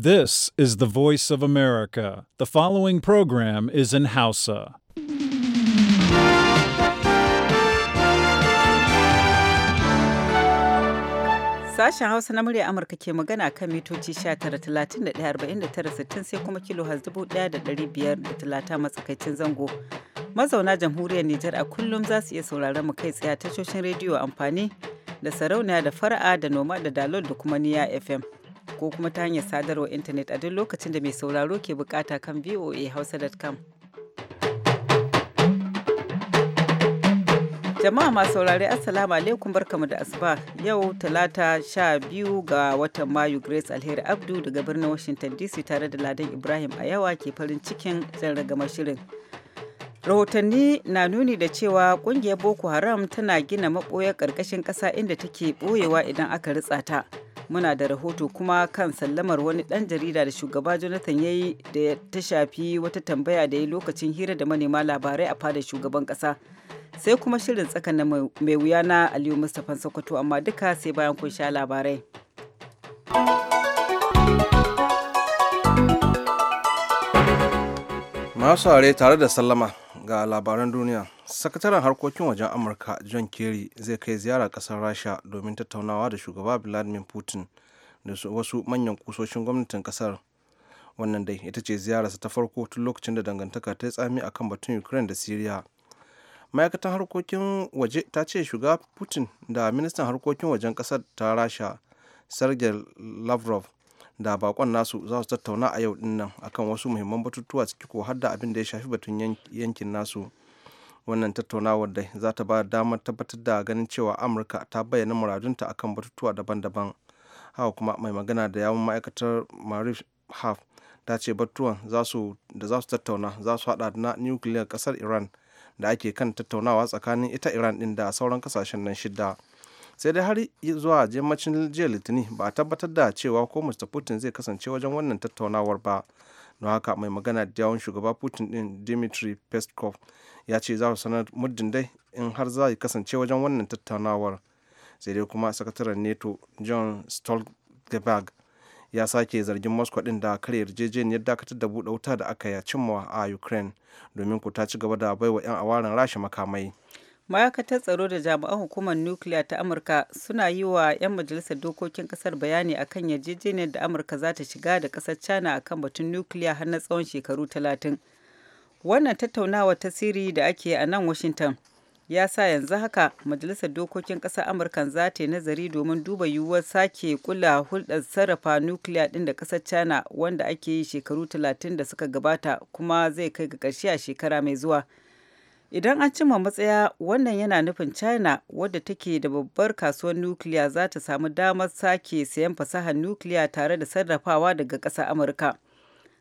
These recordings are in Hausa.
This is the voice of America. The following program is in Hausa. Sashen Hausa na murya Amurka ke magana kan mitoci 19,31,49,60 sai kuma kilo talata matsakaicin zango. Mazauna jamhuriyar Nijar a kullum za su iya sauraron mu kai tsaye tashoshin rediyo amfani da sarauniya da fara'a da noma da dalol da kuma niya FM. ko kuma ta hanyar sadarwar intanet a duk lokacin da mai sauraro ke bukata kan voahausa.com. Jama'a masu saurari Assalamu alaikum barkamu da asuba yau talata sha biyu ga watan Mayu Grace Alheri Abdu daga birnin Washington DC tare da Ladan Ibrahim a yawa ke farin cikin zan ragama shirin. rahotanni na nuni da cewa kungiyar boko haram tana gina maɓoyar karkashin ƙasa inda take ɓoyewa idan aka ritsa ta muna da rahoto kuma kan sallamar wani ɗan jarida da shugaba jonathan ya yi da ta shafi wata tambaya da ya lokacin hira da manema labarai a fadar shugaban ƙasa sai kuma shirin tsaka na mai wuya na aliyu mustapha sokoto amma duka sai bayan kun sha labarai masu tare da sallama ga labaran duniya sakataren harkokin wajen amurka john kerry zai kai ziyara kasar rasha domin tattaunawa da shugaba vladimir putin da wasu manyan kusoshin gwamnatin kasar wannan dai ita ce ziyararsa ta farko tun lokacin da dangantaka ta yi tsami akan batun ukraine da syria ma'aikatan harkokin waje ta ce shugaba putin da ministan harkokin wajen kasar ta rasha sergei lavrov da bakon nasu za su tattauna a yau dinnan akan wasu muhimman batutuwa ciki ko har da abin da ya shafi batun yankin nasu wannan tattaunawar da za ta ba damar tabbatar da ganin cewa amurka ta bayyana muradunta akan batutuwa daban-daban haka kuma mai magana da yawon ma'aikatar marif haf ta ce batutuwan da za su tattauna za su hada na nukiliyar kasar iran da ake kan tattaunawa tsakanin ita iran din da sauran kasashen nan shida sai dai har zuwa yammacin jiya litinin ba a tabbatar da cewa ko mr putin zai kasance wajen wannan tattaunawar ba don haka mai magana da yawon shugaba putin din dimitri peskov ya ce za su sanar muddin dai in har za kasance wajen wannan tattaunawar sai dai kuma sakataren neto john stoltenberg ya sake zargin moscow din da kare yarjejeniyar dakatar da buɗe wuta da aka ya cimma a ukraine domin ku ta ci gaba da baiwa 'yan awarin rasha makamai ma'aikatar tsaro da jami'an hukumar nukiliya ta amurka suna yi wa 'yan majalisar dokokin ƙasar bayani akan yarjejeniyar da amurka za ta shiga da kasar china akan batun nukiliya har na tsawon shekaru talatin wannan tattaunawa ta sirri da ake a nan washington ya sa yanzu haka majalisar dokokin ƙasar amurka za ta yi nazari domin duba yiwuwar sake kula hulɗar sarrafa nukiliya ɗin da kasar china wanda ake yi shekaru talatin da suka gabata kuma zai kai ga ƙarshe a shekara mai zuwa Idan an cimma matsaya wannan yana nufin China wadda take da babbar kasuwar nukiliya za ta samu damar sake sayan fasahar nukiliya tare da sarrafawa daga ƙasar Amurka.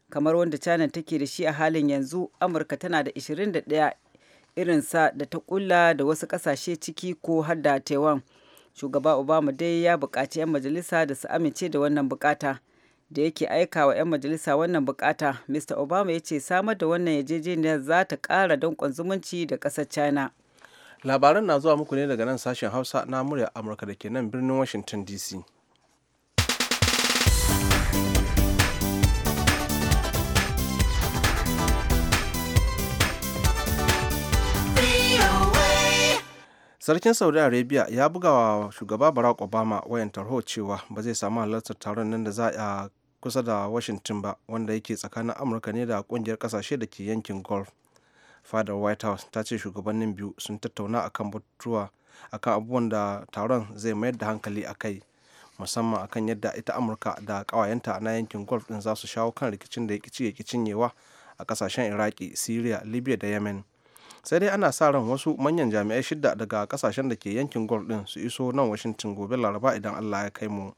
Kamar wanda China take da shi a halin yanzu, Amurka tana da 21 irinsa da ta kulla da wasu ƙasashe ciki ko har da Taiwan. Shugaba Obama dai ya bukaci 'yan majalisa da su amince da wannan bukata. da yake aika wa 'yan majalisa wannan bukata mr obama ya ce samar da wannan yarjejeniyar za ta ƙara danƙon zumunci da ƙasar china labaran na zuwa muku ne daga nan sashen hausa na murya amurka da ke nan birnin washington dc sarkin saudi arabia ya buga wa shugaba barack obama wayan tarho cewa ba zai samu halartar taron nan da za a kusa da washington ba wanda yake tsakanin amurka ne da kungiyar kasashe da ke yankin golf fadar white house ta ce shugabannin biyu sun tattauna akan batutuwa akan abubuwan da taron zai mayar da hankali a kai musamman akan yadda ita amurka da kawayenta na yankin golf din za su shawo kan rikicin da ya kici ya cinyewa a kasashen iraki syria libya da yemen sai dai ana sa ran wasu manyan jami'ai shida daga kasashen da ke yankin gol din su iso nan washington gobe laraba idan allah ya kai mu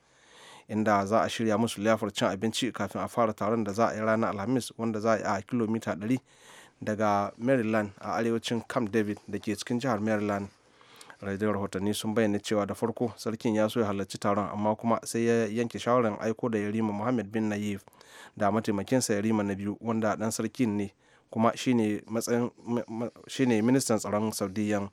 inda za a shirya musu liyafar cin abinci kafin a fara taron da za a yi ranar alhamis wanda za a yi a kilomita 100 daga maryland a arewacin camp david da ke cikin jihar maryland radiyar rahotanni sun bayyana cewa da farko sarkin ya so ya halarci taron amma kuma sai ya yanke shawarar aiko da yarima muhammad bin nayif da mataimakinsa yarima na biyu wanda dan sarkin ne kuma shine ministan tsaron saudiyan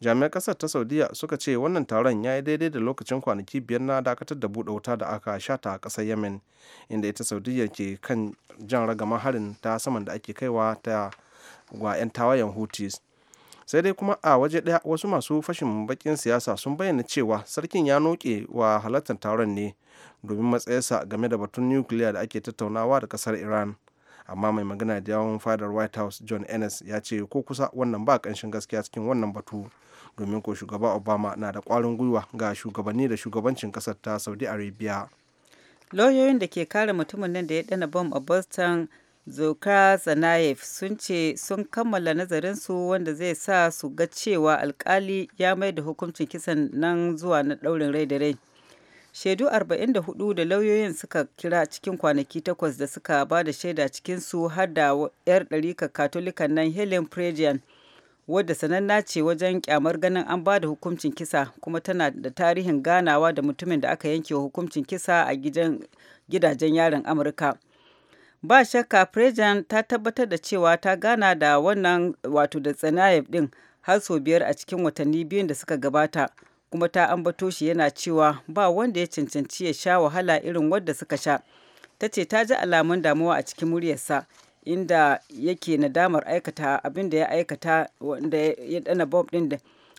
jami'an kasar ta saudiya suka ce wannan taron ya yi daidai da lokacin kwanaki biyar na dakatar da buɗe wuta da aka shata a ƙasar yemen inda ita saudiya ke kan jan ragama harin ta saman da ake kaiwa ta wa 'yan tawayen hutis sai dai kuma a waje ɗaya wasu masu fashin bakin siyasa sun bayyana cewa sarkin ya noke wa halartar taron ne domin matsayarsa game da batun nukiliya da ake tattaunawa da ƙasar iran amma mai magana da yawon fadar white house john ennis ya ce ko kusa wannan ba ƙanshin gaskiya cikin wannan batu domin ko shugaba obama na da kwarin gwiwa ga shugabanni da shugabancin ƙasar ta saudi arabia lauyoyin da ke kare mutumin nan da ya dana bom a boston zoka zanayev sun ce sun kammala nazarinsu wanda zai sa su ga cewa alkali ya mai da hukuncin kisan nan zuwa na daurin rai da rai shaidu 44 da lauyoyin suka kira cikin kwanaki takwas da suka ba da shaida cikinsu har da 'yar ɗarika katolikan nan helen prejian wadda sananna ce wajen kyamar ganin an ba da hukuncin kisa kuma tana da tarihin ganawa da mutumin da aka yanke hukuncin kisa a gidajen yaren amurka ba shakka prejian ta tabbatar da cewa ta gana da wannan wato da tsanayev din har sau biyar a cikin watanni biyun da suka gabata kuma ta ambato shi yana cewa ba wanda ya cancanci ya sha wahala irin wadda suka sha ta ce ta ji alamun damuwa a cikin muryarsa inda yake nadamar aikata abin da ya aikata wanda ya dana bob din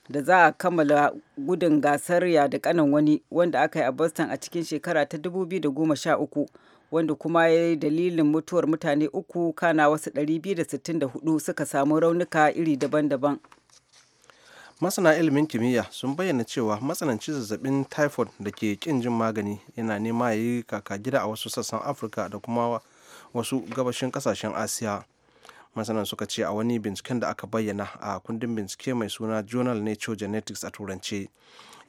da za a kammala gudun gasar ya da kanan wani wanda aka yi a boston a cikin shekara ta 2013 wanda kuma ya yi dalilin mutuwar mutane uku kana wasu 264 suka samu raunuka iri daban-daban masana ilimin kimiyya sun bayyana cewa matsanancin zazzabin typhoid da ke kin jin magani yana nema ya yi kaka gida a wasu sassan afirka da kuma wasu gabashin kasashen asiya masanan suka ce a wani binciken da aka bayyana a kundin bincike mai suna journal nature genetics a turance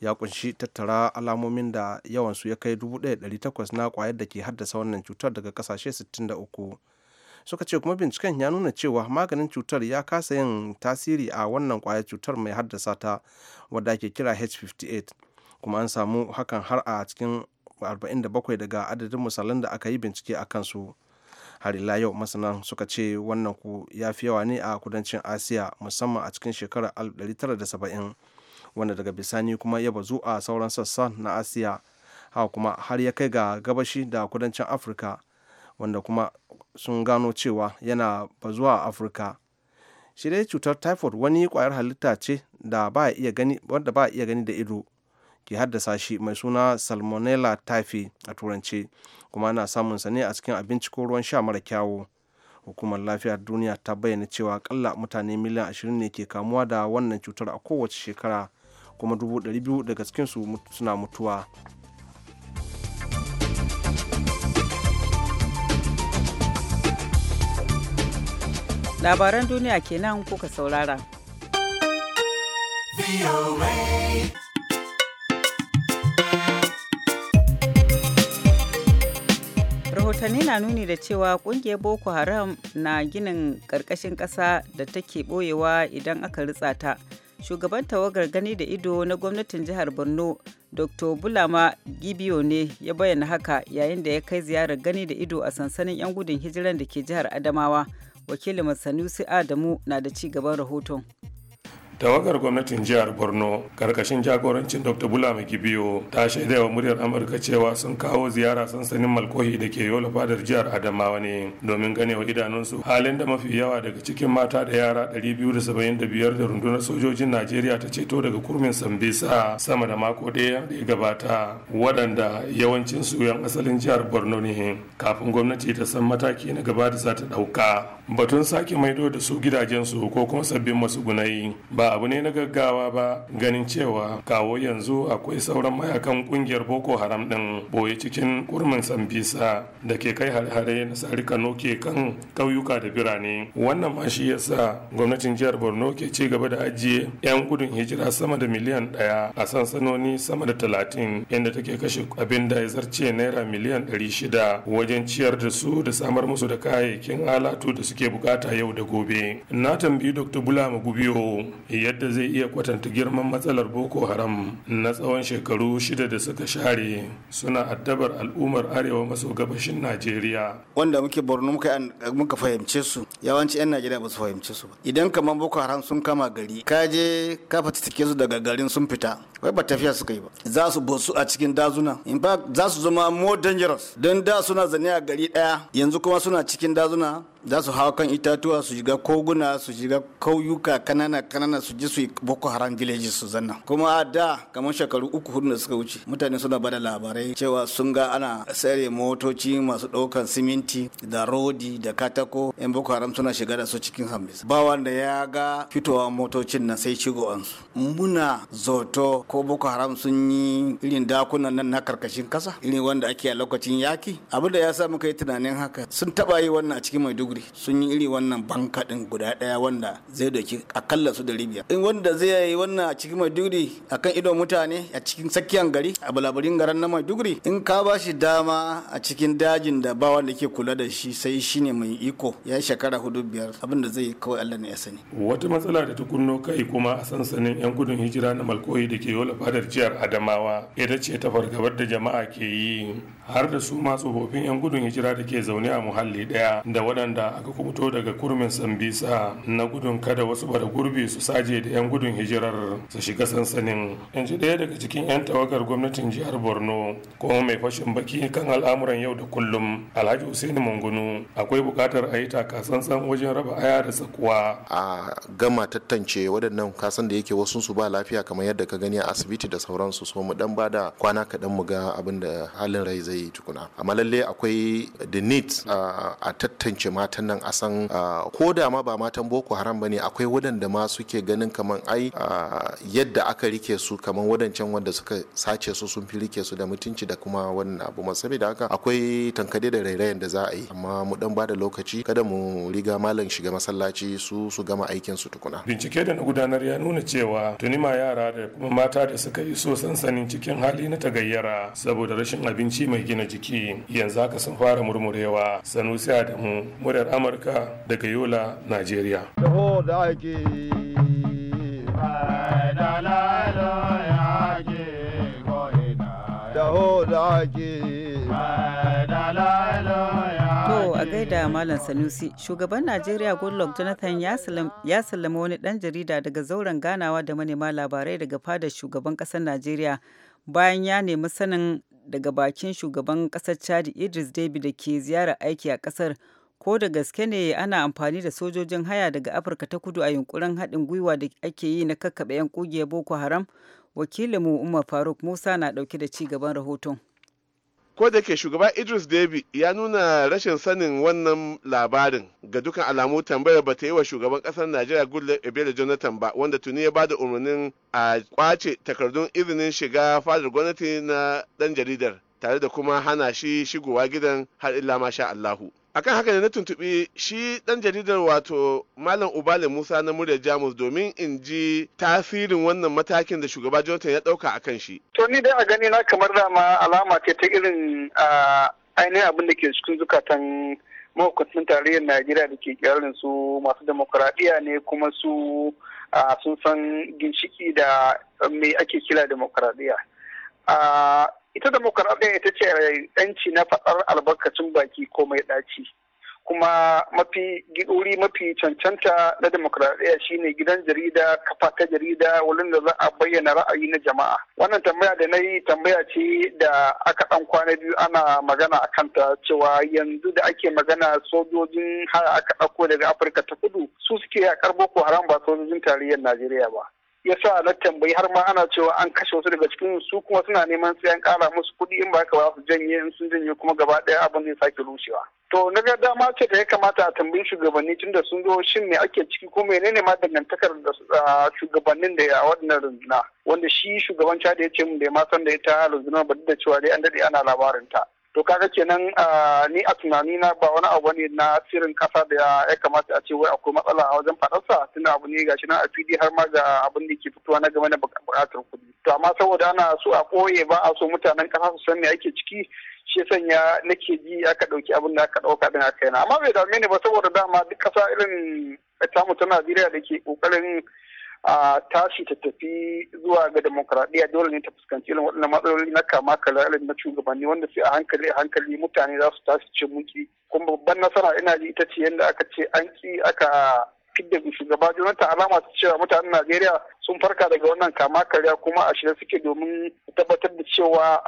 ya kunshi tattara alamomin da yawansu ya kai 1800 na kwayar da ke haddasa wannan cutar daga kasashe 63 suka ce kuma binciken ya nuna cewa maganin cutar ya kasa yin tasiri a wannan kwayar cutar mai haddasa ta wadda ake kira h58 kuma an samu hakan har a cikin 47 daga adadin misalan da aka yi bincike a kansu har ila yau masana suka ce wannan ku ya fi yawa ne a kudancin asiya musamman a cikin shekarar 1970 wanda daga bisani kuma ya bazu a sauran sassa na asiya haka kuma har ya kai ga gabashi da kudancin afirka wanda kuma sun gano cewa yana bazuwa a afirka shi dai cutar typhoid wani kwayar halitta ce da ba iya gani wanda ba iya gani da ido ke haddasa shi mai suna salmonella typhi a turance kuma ana samun sa ne a cikin abinci ko ruwan sha mara kyawu hukumar lafiyar duniya ta bayyana cewa kalla mutane miliyan ashirin ne ke kamuwa da wannan cutar a kowace shekara kuma 200 daga cikinsu suna mutuwa labaran duniya kenan kuka saurara rahotanni na nuni da cewa kungiyar boko haram na ginin karkashin ƙasa da take ɓoyewa idan aka ritsa ta shugaban tawagar gani da ido na gwamnatin jihar borno dr bulama gibiyo ne ya bayyana haka yayin da ya kai ziyarar gani da ido a sansanin 'yan gudun hijiran da ke jihar adamawa wakilin sanusi adamu na da ci gaban rahoton tawagar gwamnatin jihar borno karkashin jagorancin dr bulama gibiyo ta shaida wa muryar amurka cewa sun kawo ziyara sansanin malkohi da ke yola fadar jihar adamawa ne domin ganewa idanunsu halin da mafi yawa daga cikin mata da yara 275 da rundunar sojojin najeriya ta ceto daga kurmin sambisa sama da mako ɗaya da ya gabata waɗanda yawancin su yan asalin jihar borno ne kafin gwamnati ta san mataki na gaba da za ta ɗauka batun sake maido da su gidajensu ko kuma sabbin gunayi ba abu ne na gaggawa ba ganin cewa kawo yanzu akwai sauran mayakan kungiyar boko haram din boye cikin kurmin sambisa da ke kai hare-hare na sarika noke kan ƙauyuka da birane wannan ma shi yasa gwamnatin jihar borno ke ci gaba da ajiye 'yan gudun hijira sama da miliyan ɗaya a sansanoni sama da talatin inda take kashe abin da ya zarce naira miliyan ɗari shida wajen ciyar da su da samar musu da kayayyakin alatu da su suke bukata yau da gobe na tambayi dr bulama gubiyo yadda zai iya kwatanta girman matsalar boko haram na tsawon shekaru shida da suka share suna addabar al'ummar arewa maso gabashin najeriya wanda muke borno muka fahimce su yawanci 'yan najeriya ba su fahimce su ba idan kamar boko haram sun kama gari ka je ka fatitike su daga garin sun fita wai ba tafiya suka yi ba za su bosu a cikin dazuna in fact za su zama more dangerous don da suna zane a gari ɗaya. yanzu kuma suna cikin dazuna za su hawa kan itatuwa su shiga koguna su shiga kauyuka kanana kanana su ji su yi boko haram villages su zanna kuma a da kamar shekaru uku hudu da suka wuce mutane suna bada labarai cewa sun ga ana tsare motoci masu ɗaukan siminti da rodi da katako yan boko haram suna shiga da su cikin hamis ba wanda ya ga fitowa motocin na sai shigo su. muna zoto ko boko haram sun yi irin dakunan nan na karkashin kasa irin wanda ake a lokacin yaki abin da ya sa muka yi tunanin haka sun taba yi wannan a cikin maiduguri guri sun yi iri wannan banka din guda daya wanda zai doki akalla su da ribiya in wanda zai yi wannan a cikin maiduguri akan ido mutane a cikin tsakiyar gari a balabarin garan na maiduguri in ka ba shi dama a cikin dajin da ba wanda ke kula da shi sai shi ne mai iko ya shekara hudu biyar abin da zai kawai allah ne ya sani wata matsala da ta kunno kai kuma a sansanin yan gudun hijira na malkoyi da ke yola fadar jihar adamawa ita ce ta fargabar da jama'a ke yi har da su ma tsofaffin yan gudun hijira da ke zaune a muhalli daya da waɗanda da aka kubuto daga kurmin sambisa na gudun kada wasu bara gurbi su saje da 'yan gudun hijirar su shiga sansanin in ji ɗaya daga cikin 'yan tawagar gwamnatin jihar borno kuma mai fashin baki kan al'amuran yau da kullum alhaji usaini mangunu akwai buƙatar a yi taka sansan wajen raba aya da sakuwa. a gama tantance waɗannan kasan da yake wasu su ba lafiya kamar yadda ka gani a asibiti da sauransu so mu dan bada kwana kaɗan mu ga abin da halin rai zai yi tukuna amma lallai akwai the need a tattance mata matan nan a san ko da ma ba matan boko haram ba ne akwai wadanda ma suke ganin kaman ai yadda aka rike su kamar wadancan wanda suka sace su sun fi rike su da mutunci da kuma wannan abu ma saboda haka akwai tankade da rairayen da za a yi amma mu dan bada lokaci kada mu riga malam shiga masallaci su su gama aikin su tukuna bincike da na gudanar ya nuna cewa tuni ma yara da kuma mata da suka yi so sansanin cikin hali na tagayyara saboda rashin abinci mai gina jiki yanzu haka sun fara murmurewa sanusi adamu murar muryar amurka daga yola nigeria To a Malam Sanusi, shugaban Najeriya Goodluck Jonathan ya sallama wani ɗan jarida daga zauren ganawa da manema labarai daga fadar shugaban ƙasar Najeriya bayan ya nemi sanin daga bakin shugaban ƙasar Chad Idris Deby da ke ziyarar aiki a ƙasar. ko da gaske ne ana amfani da sojojin haya daga afirka ta kudu a yunkurin haɗin gwiwa da ake yi na kakkaɓe 'yan ƙungiyar boko haram wakilinmu umar faruk musa na ɗauke da ci gaban rahoton ko da ke shugaba idris debi ya nuna rashin sanin wannan labarin ga dukan alamu tambayar ba ta yi wa shugaban kasar najeriya goodluck ebele jonathan ba wanda tuni ya bada umarnin a kwace takardun izinin shiga fadar gwamnati na dan jaridar tare da kuma hana shi shigowa gidan har illa masha allahu akan haka da na tuntuɓi shi ɗan jaridar wato malam ubale musa na muryar jamus domin in ji tasirin wannan matakin da shugaba jonathan ya ɗauka a kan shi to ni dai a gani na kamar dama alama ce ta irin ainihin abin da ke cikin zukatan mahukuntun tarayyar najeriya da ke kirarin su masu demokuraɗiyya ne kuma su a sun san ginshiki da me ake kira demokuraɗiyya ita demokaradiyya ita ce yanci na faɗar albarkacin baki ko mai ɗaci kuma mafi giduri mafi cancanta na demokradiyya shine gidan jarida kafa ta jarida wurin da za a bayyana ra'ayi na jama'a wannan tambaya da na yi tambaya ce da aka ɗan kwana biyu ana magana a kanta cewa yanzu da ake magana sojojin haya aka ɗauko daga afirka ta kudu su suke yaƙar boko haram ba sojojin tarayyar najeriya ba ya sa na tambayi har ma ana cewa an kashe wasu daga cikin su kuma suna neman sai an kara musu kuɗi in ba ka ba su janye in sun janye kuma gaba ɗaya abin zai sake rushewa. To na ga dama ce da ya kamata a tambayi shugabanni tun da sun zo shin me ake ciki ko menene ma dangantakar da shugabannin da ya waɗannan runduna wanda shi shugaban da ya ce mun da ya ma san da ita rundunar ba da cewa dai an daɗe ana labarin ta. to kaga kenan ni a tunani na ba wani abu ne na sirrin kasa da ya kamata a ce wai akwai matsala a wajen fadarsa tunda abu ne gashi nan a fidi har ma ga abin da ke fitowa na game da bukatar kuɗi to amma saboda ana so a koye ba a so mutanen kasa su san me ake ciki shi sanya nake ji aka ɗauki abin da aka ɗauka din aka yana amma bai dame ni ba saboda dama duk kasa irin tamu ta Najeriya da ke ƙoƙarin a tashi ta tafi zuwa ga demokradiyya dole ne ta fuskanci irin waɗannan matsaloli na kama kala na shugabanni wanda sai a hankali a hankali mutane za su tashi ce muki kuma babban nasara ina ji ita ce yadda aka ce an ki aka fidda shugaba jonathan alama su cewa mutanen najeriya sun farka daga wannan kama karya kuma a shirye suke domin tabbatar da cewa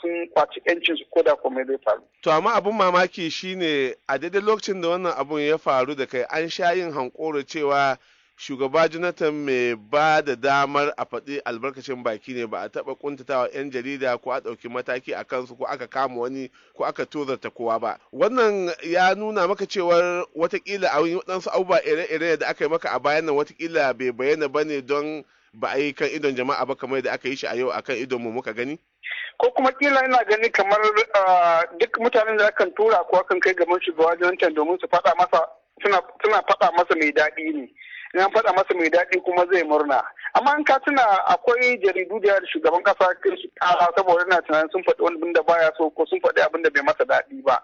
sun kwaci yancin su da kuma zai faru. to amma abun mamaki shine a daidai lokacin da wannan abun ya faru da kai an sha yin hankoro cewa shugaba jonathan mai ba da damar a faɗi albarkacin baki ne ba a taɓa kuntatawa 'yan jarida ko a ɗauki mataki a kansu ko aka kama wani ko aka tozarta kowa ba wannan ya nuna maka cewar watakila a waɗansu abubuwa ire-ire da aka yi maka a bayan nan watakila bai bayyana ba ne don ba a yi kan idon jama'a ba kamar da aka yi shi a yau akan idon mu muka gani ko kuma kila ina gani kamar duk mutanen da akan tura ko akan kai gaban shugaba jonathan domin su faɗa masa suna faɗa masa mai daɗi ne Ina faɗa masa mai daɗi kuma zai murna amma in ka tuna akwai jaridu da shugaban kasa kai su kara saboda ina tunanin sun faɗi wani da baya so ko sun faɗi abin da bai masa daɗi ba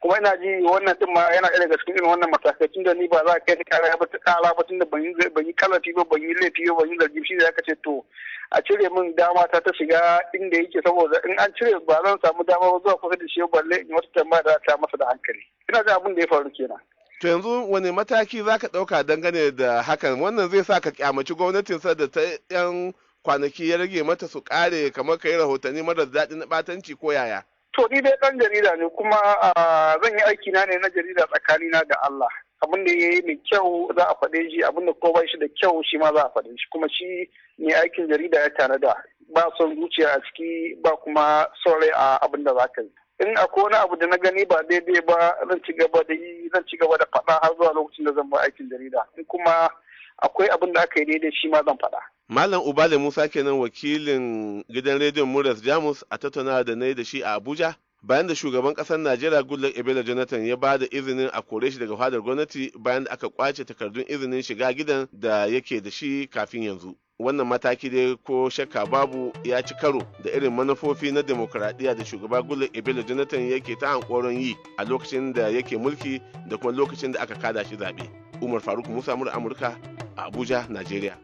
kuma ina ji wannan din ma yana ɗaya daga cikin irin wannan matakai da ni ba za a kai ni ba ta kara ba da ban yi kalafi ba ban yi laifi ba ban yi zargi shi da ya ce to a cire min dama ta ta shiga inda yake saboda in an cire ba zan samu dama ba zuwa kusa da shi balle in wata tambaya da ta masa da hankali ina ji abin da ya faru kenan to yanzu wani mataki za ka ɗauka dangane da hakan wannan zai sa ka kyamaci gwamnatin da ta yan kwanaki ya rage mata su kare kamar ka yi rahotanni marar daɗi na ɓatanci ko yaya to ni dai ɗan jarida ne kuma zan yi aiki na ne na jarida tsakanina da Allah abin da ya yi mai kyau za a faɗe shi abin da kowa shi da kyau shi ma za a faɗe shi kuma shi ne aikin jarida ya tanada ba son zuciya a ciki ba kuma saurayi a abin da za ka yi in a wani abu da na gani ba daidai ba zan ci gaba da yi zan ci gaba da faɗa har zuwa lokacin da zan ba aikin jarida in kuma akwai abin da aka yi daidai shi ma zan faɗa. Malam Ubale Musa kenan wakilin gidan rediyon Muras Jamus a tattauna da na da shi a Abuja. Bayan da shugaban ƙasar Najeriya Goodluck Ebele Jonathan ya ba da izinin a kore shi daga fadar gwamnati bayan da aka kwace takardun izinin shiga gidan da yake da shi kafin yanzu. wannan mataki dai ko shakka babu ya ci karo da irin manufofi na demokuraɗiyya da shugaba gula ebele jonathan yake ta hankoron yi a lokacin da yake mulki da kuma lokacin da aka kada shi zaɓe umar faruk musa mura amurka a abuja nigeria.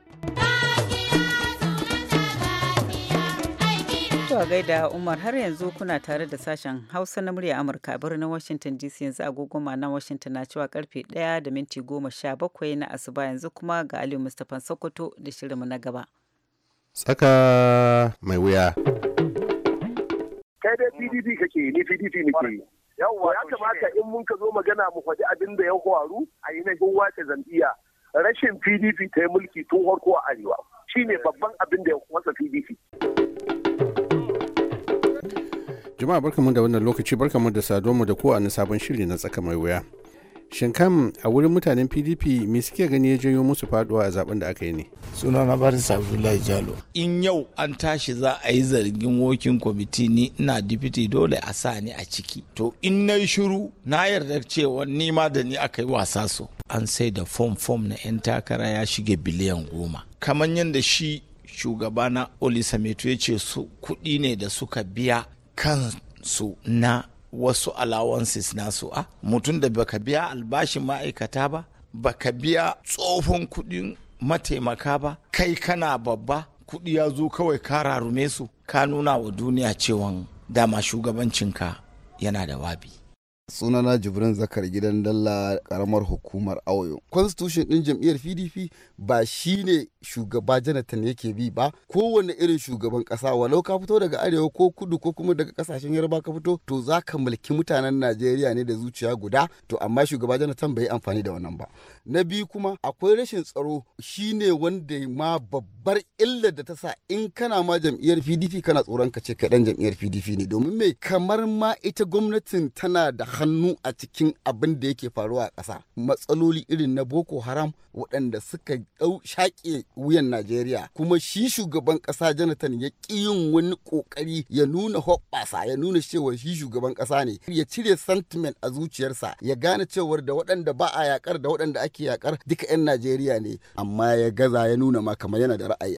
zuwa gaida Umar har yanzu kuna tare da sashen Hausa na murya Amurka birnin Washington DC yanzu agogoma na Washington na cewa karfe 1 da minti 17 na asuba yanzu kuma ga Aliyu Mustapha Sokoto da shirinmu na gaba. Tsaka mai wuya. Kai dai PDP kake ni PDP Yawwa ya kamata in mun ka zo magana mu faɗi abin da ya faru a yi na wace zambiya. Rashin PDP ta yi mulki tun harko a Arewa. Shine babban abin da ya wasa PDP. Jama'a barkamu da wannan lokaci barkamu da saduwa mu da ko a sabon shiri na tsaka mai wuya. Shin kam a wurin mutanen PDP me suke gani ya janyo musu faduwa a zaben da aka yi ne? Suna na bari Abdullahi Jalo. In yau an tashi za a yi zargin wokin kwamiti ni ina dipiti dole a sa ni a ciki. To in na yi shiru na yarda cewa ni ma da ni aka yi wasa so. An sai da fom fom na 'yan takara ya shige biliyan goma. Kamar yadda shi shugabana Olisametu ya ce su kuɗi ne da suka biya kansu na wasu allowances nasu a mutum da baka biya albashin ma'aikata ba baka biya tsohon kudin mataimaka ba kai kana babba kudi ya zo kawai ka rarume su ka nuna wa duniya cewan dama shugabancinka yana da wabi sunana jibrin zakar gidan dalla karamar hukumar auyo constitution din jam'iyyar pdp ba shine shugaba jonathan yake bi ba kowane irin shugaban kasa walau ka fito daga arewa ko kudu ko kuma daga kasashen yarba ka fito to za ka mulki mutanen najeriya ne da zuciya guda to amma shugaba jonathan bai amfani da wannan ba na biyu kuma akwai rashin tsaro shine wanda ma babbar illar da ta sa in kana ma jam'iyyar pdp kana tsoron ka ce kaɗan jam'iyyar pdp ne domin me kamar ma ita gwamnatin tana da hannu a cikin abin da yake faruwa a ƙasa matsaloli irin na boko haram waɗanda suka ɗau shaƙe wuyan najeriya kuma shi shugaban ƙasa jonathan ya ƙi yin wani ƙoƙari ya nuna hoɓɓasa ya nuna cewa shi shugaban ƙasa ne ya cire sentiment a zuciyarsa ya gane cewar da waɗanda ba a yaƙar da waɗanda ake yaƙar duka 'yan najeriya ne amma ya gaza ya nuna ma kamar yana da ra'ayi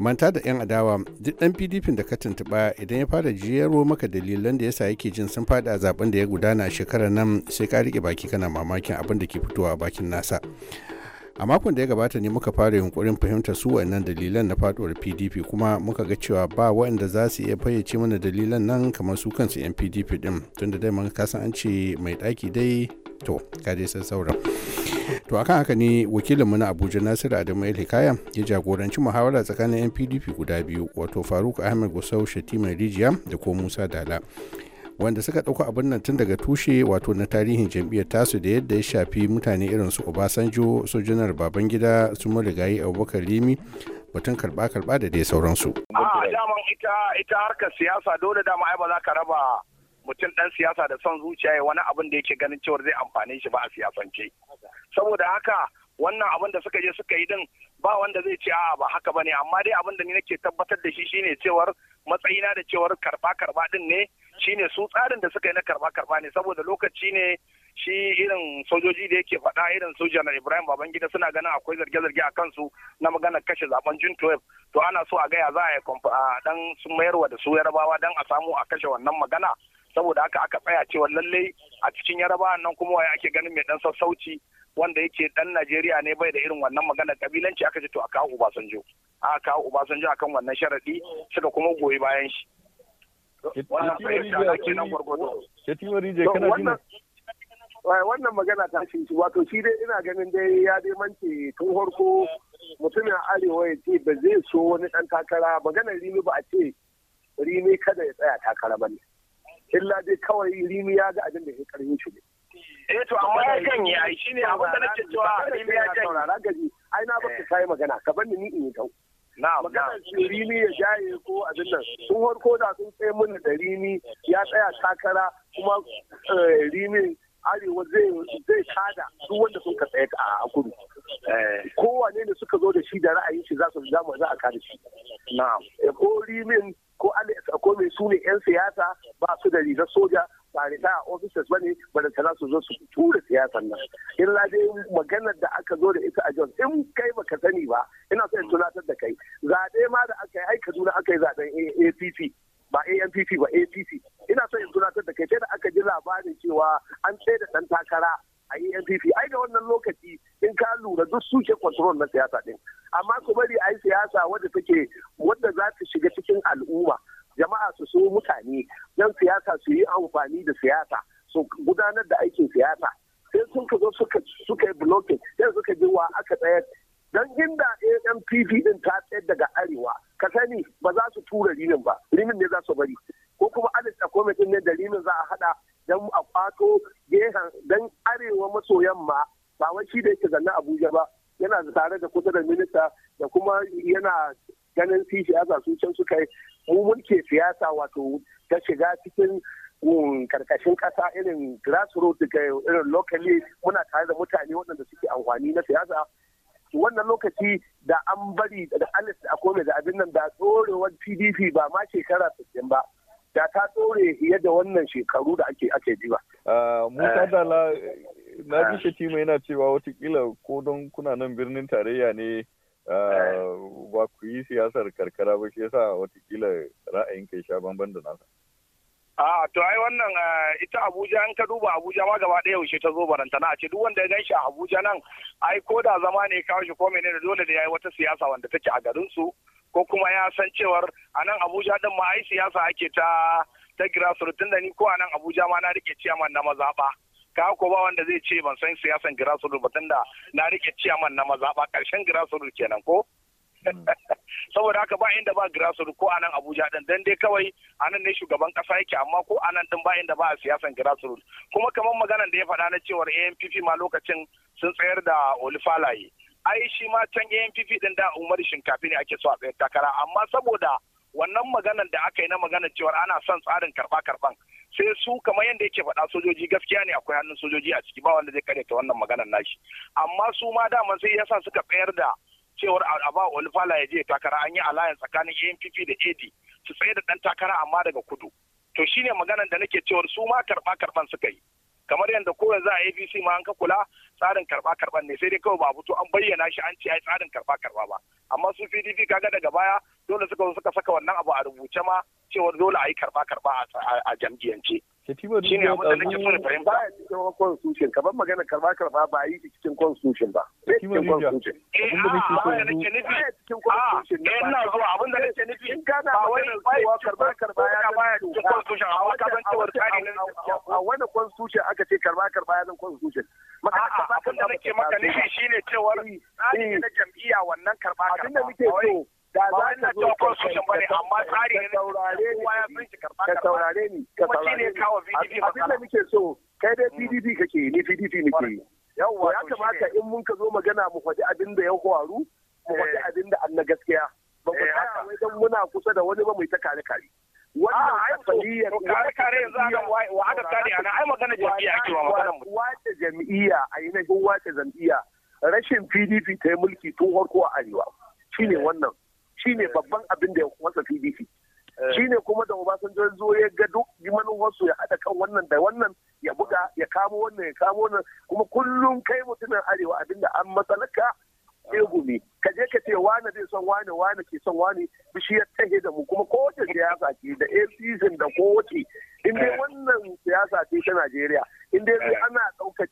manta da 'yan adawa duk dan pdp da ka tuntuɓa idan ya fara jiyarwa maka dalilan da yasa yake jin sun fada zaben da ya gudana a shekarar nan sai ka rike baki kana mamakin abin da ke fitowa a bakin nasa a makon da ya gabata ne muka fara yunkurin fahimtar su wannan dalilan na faduwar pdp kuma muka ga cewa ba waɗanda za su iya fayyace mana dalilan nan kamar su kansu 'yan pdp din tunda dai mun san an ce mai ɗaki dai to ka dai sauran to akan haka ne wakilinmu na abuja nasiru adamu ya hikaya ya jagoranci muhawara tsakanin yan pdp guda biyu wato faruk ahmed gusau shatiman rijiya da ko musa dala wanda suka ɗauko abin nan tun daga tushe wato na tarihin jam'iyyar tasu da yadda ya shafi mutane irin su obasanjo su janar babangida su marigayi abubakar limi batun karba-karba da dai sauransu. a daman ita harkar siyasa dole dama ai ba za ka raba mutum ɗan siyasa da son zuciya ya wani abin da yake ganin cewar zai amfani shi ba a siyasance saboda haka wannan abin da suka je suka yi din ba wanda zai ce a ba haka ba ne. amma dai abin da ni nake tabbatar da shi shine cewar matsayina da cewar karba karba din ne shine su tsarin da suka yi na karba karba ne saboda lokaci ne shi irin sojoji da yake faɗa irin su janar ibrahim babangida suna ganin akwai zarge-zarge a kansu na maganar kashe zaben jun 12 to ana so a gaya za a yi dan sun mayarwa da su yarabawa dan a samu a kashe wannan magana saboda haka aka tsaya cewa lallai a cikin yaraba nan kuma waye ake ganin mai dan sassauci wanda yake dan Najeriya ne bai da irin wannan magana kabilanci aka ce to a kawo Obasanjo a kawo Obasanjo akan wannan sharadi suka kuma goyi bayan shi wannan wannan magana ta shi wato shi dai ina ganin dai ya dai mance tun farko mutumin arewa ya ce ba zai so wani dan takara maganar rimi ba a ce rimi kada ya tsaya takara ba ne illa dai kawai rimi ya ga abin da ke karfin shi ne eh to amma ya yi. ai shine abin da nake cewa rimi ya janye saurara gaji ai na baka eh. kai magana ka bani ni in yi Na magana ce rimi ya jaye ko abin nan sun farko da sun tsaye mana da rimi ya tsaya takara kuma eh, rimi arewa zai kada duk wanda sun ka tsaye a kudu eh. kowane ne suka zo da shi da ra'ayin shi za su za a kada shi ko rimin ko ko mai su ne 'yan siyasa ba su da rigar soja ba rita a officers ba ne ba da su zo su tura siyasan nan in dai maganar da aka zo da ita a Jos in kai baka sani ba ina so in tunatar da kai zaɓe ma da aka yi ai Kaduna aka yi zaɓen APC ba ANPP ba APC ina so in tunatar da kai sai da aka ji labarin cewa an tsaye da ɗan takara a yi NPP ai da wannan lokaci in ka lura duk suke control na siyasa din amma ku bari a yi siyasa wadda take wadda za ta shiga cikin al'umma jama'a su so mutane don siyasa su yi amfani da siyasa su gudanar da aikin siyasa sai sun ka zo suka yi blocking sai suka ji wa aka tsayar don inda AMPP din ta tsayar daga arewa ka sani ba za su tura rimin ba rimin ne za su bari ko kuma Alex Akome din ne da rimin za a hada don a kwato jihar dan arewa maso yamma ba wai shi da yake zanna abuja ba yana tare da kusa da minista da kuma yana ganin fi siyasa su can suka yi mu mulke siyasa wato ta shiga cikin um, karkashin kasa irin grassroots daga irin locally muna tare da mutane waɗanda suke amfani na siyasa wannan lokaci da an bari da alis da kome da abin nan da tsorewar pdp ba ma shekara 60 ba da ta tsore fiye da wannan shekaru da ake ake ji ba. Ah, Musa eh. Dala na ji eh. mai yana cewa watakila ko don kuna nan birnin tarayya ne ah, eh. ba ku yi siyasar karkara ba shi yasa watakila ra'ayin kai sha bamban da nasa. A ah, to ai wannan ita Abuja in ka duba Abuja ma gaba ɗaya yaushe ta zo barantana a ce duk wanda ya gan shi a Abuja nan ai ko da zama ne kawo shi ko menene dole da yayi wata siyasa wanda take a garin su ko kuma ya san cewar a nan abuja din ma ai siyasa ake ta ta grassroots tunda ni ko a nan abuja ma na rike chairman na mazaɓa ka ko ba wanda zai ce ban san siyasan grassroots ba tunda na rike chairman na mazaɓa ƙarshen grassroots kenan ko hmm. saboda haka ba inda ba grassroots ko a nan Abuja din dan dai kawai a nan ne shugaban kasa yake amma ko a nan din ba inda ba siyasan grassroots kuma kamar maganar da ya faɗa na cewar ANPP ma lokacin sun tsayar da Olifalaye ai shi ma can ANPP din da Umar Shinkafi ne ake so a tsaye takara amma saboda wannan maganar da aka yi na maganar cewar ana son tsarin karba karban sai su kamar yadda yake faɗa sojoji gaskiya ne akwai hannun sojoji a ciki ba wanda zai ta wannan maganar nashi amma su ma daman sai yasa suka tsayar da cewar a ba Olifala ya je takara an yi alayan tsakanin ANPP da AD su tsaye da ɗan takara amma daga kudu to shine maganar da nake cewar su ma karɓa karban suka yi kamar yadda ko yanzu a abc ma an ka kula tsarin karba karban ne sai dai kawai ba fito an bayyana shi an ce ai tsarin karba karba ba amma su pdp kaga daga baya dole suka suka saka wannan abu a rubuce ma cewa dole a yi karba karba a jam'iyyance Satiba Shi ne abin da nake so na fahimta. Ba cikin constitution kamar ah, magana karba karba ba yi cikin constitution ba. Satiba Rijiya. Eh a abin da nake nufi. Ba cikin constitution. Eh ina zuwa abin da eh, nake nufi. In kana magana cewa karba karba ya ba ya cikin constitution a wata ban cewa tsari ne. A wani constitution aka ce karba karba ya zan constitution. A'a abin da nake maka nufi shine cewa eh, tsari ne na eh. jam'iyya wannan karba karba. Abin da nake so da za ka zo ka social bane amma tsari ne kowa ya san shi karba ka saurare ni ka saurare ni kawo PDP abin da muke so kai dai PDP mm. kake ni PDP nake yi yawwa ya kamata in mun ka zo magana mu faɗi abin da ya faru mu faɗi eh. abin da an gaskiya ba ku eh, tsaya wai dan muna kusa da wani ba mu ta kare kare wannan kasaliyar kare kare yanzu aka wahada kare ana ai magana jami'a ake wa magana mu wace jami'a ainihin wace jami'a rashin PDP ta yi mulki tun harko a arewa shine eh. wannan Shi ne babban abin da ya wasa pdp eh. ne kuma da obasanjo zo ya ga duk wasu ya haɗa kan wannan da wannan ya buga ya kamo wannan ya kamo wannan kuma kullum kai mutumin arewa abinda an matsalaka gumi. ka je ka ce wane zai son wane wane ke son wane bishi ya tahe da mu kuma kowace siyasa ce da apc da kowace in dai eh. wannan siyasa ce ta najeriya in dai eh. ana ɗaukar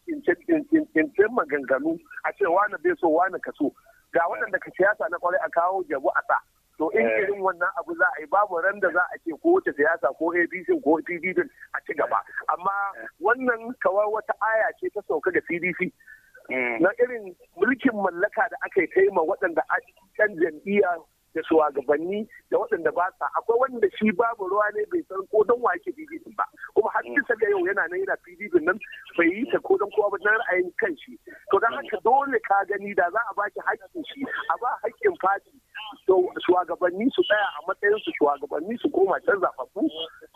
cincin maganganu a ce wane zai so wane ka so ga waɗanda ka siyasa na kwarai a kawo jabu a sa to in eh. irin wannan abu za a yi babu ran da za a ce ko wata siyasa ko apc ko pdp a ci gaba amma eh. wannan kawar wata aya ce ta sauka ga pdp mm. na irin mulkin mallaka da aka yi taima waɗanda a jam'iyya da shugabanni da waɗanda ba sa akwai wanda shi babu ruwa ne bai san ko don wake pdp ba kuma har bisa ga yau yana nan yana PDP nan bai yi ta ko dan kowa ba na ra'ayin kan shi to dan haka dole ka gani da za a baki haƙƙin shi a ba haƙƙin fati to shugabanni su tsaya a matsayin su shugabanni su koma can zafaffu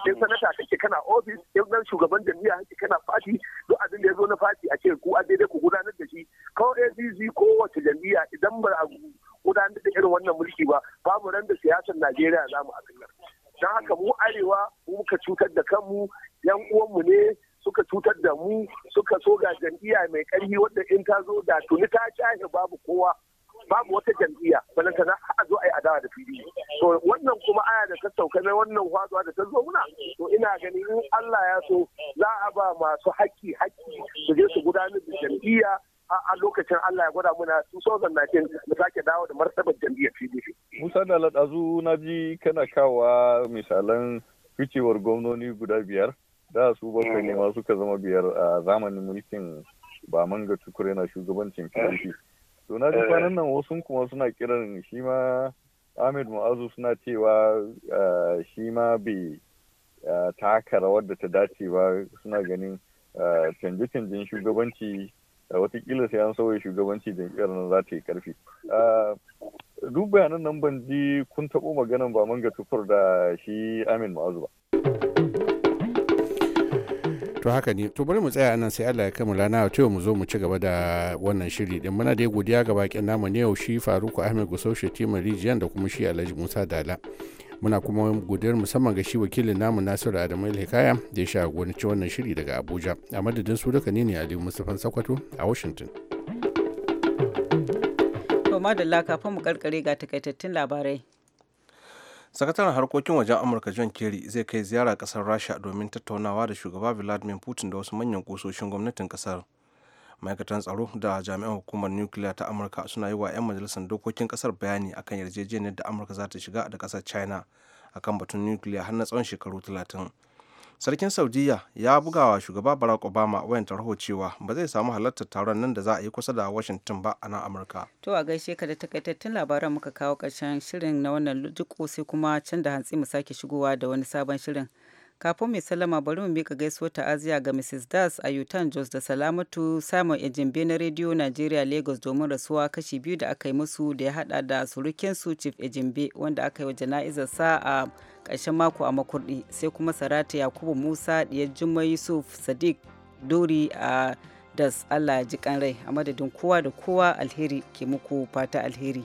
in sanata kake kana ofis in dan shugaban jami'a kake kana fati duk abin da ya zo na fati a ce ku a daidai ku gudanar da shi ko ADC ko wace jami'a idan ba a gudanar da irin wannan mulki ba babu ran da siyasar Najeriya za mu a don haka mu arewa mu muka cutar da kanmu yan uwanmu ne suka cutar da mu suka so ga jam'iyya mai ƙarfi wadda in ta zo da tuni ta shahe babu kowa babu wata jam'iyya balanta na a zo a yi adawa da fili to wannan kuma aya da ta sauka na wannan hwazuwa da ta zo muna to ina ganin in allah ya so za a ba masu haƙƙi haƙƙi su je su gudanar da jam'iyya a lokacin Allah ya gwada muna 2019 da sake dawo da martabar jam'iyyar PDP. Musa da Ladazu na ji kana kawa misalan ficewar gwamnoni guda biyar da su bakwai ne ma suka zama biyar a zamanin mulkin ba manga tukure na shugabancin pdp to na ji eh. kwanan nan wasu kuma suna kiran shi ma ahmed mu'azu suna cewa eh, shi ma bai eh, taka rawar da ta dace ba suna ganin canje-canjen shugabanci watakila sai an sauya shugabanci jam'iyyar nan za ta yi karfi duk bayanan nan ban ji kun taɓo maganan ba manga tukur da shi amin ma'azu ba to haka ne to bari mu tsaya nan sai Allah ya kammala na to mu zo mu ci gaba da wannan shiri din muna da godiya ga bakin namu ne yau shi Faruku Ahmed gusaushe Shetima Rijiyan da kuma shi Alhaji Musa Dala muna kuma godiyar musamman ga shi wakilin namu Nasiru Adamu Hikaya da ya shagonci wannan shiri daga Abuja a madadin su duka ne ne Aliyu Mustapha Sakwato a Washington to madalla kafin mu karkare ga takaitattun labarai sakataren harkokin wajen amurka john kerry zai kai ziyara kasar rasha domin tattaunawa da shugaba vladimir putin da wasu manyan kusoshin gwamnatin kasar ma'aikatan tsaro da jami'an hukumar nukiliya ta amurka suna yi wa 'yan majalisar dokokin kasar bayani akan yarjejeniyar da amurka za ta shiga da kasar china akan batun nukiliya har na tsawon shekaru talatin sarkin saudiya ya buga wa shugaba barack obama wayan tarho cewa ba zai samu halartar taron nan da za a yi kusa da washington ba a nan amurka to a gaishe ka da takaitattun labaran muka kawo karshen shirin na wannan duk sai kuma can da hantsi mu sake shigowa da wani sabon shirin kafin mai salama bari mu mika gaisuwar ta'aziya ga mrs das a utan jos da salamatu samun ejimbe na rediyo nigeria lagos domin rasuwa kashi biyu da aka yi musu da ya hada da surukinsu chief ejimbe wanda aka yi wa jana'izar sa'a. a ƙarshen mako a makurdi sai kuma sarata yakubu musa diyar juma yusuf sadiq dori a das allah jikan rai a madadin kowa da kowa alheri ke muku fata alheri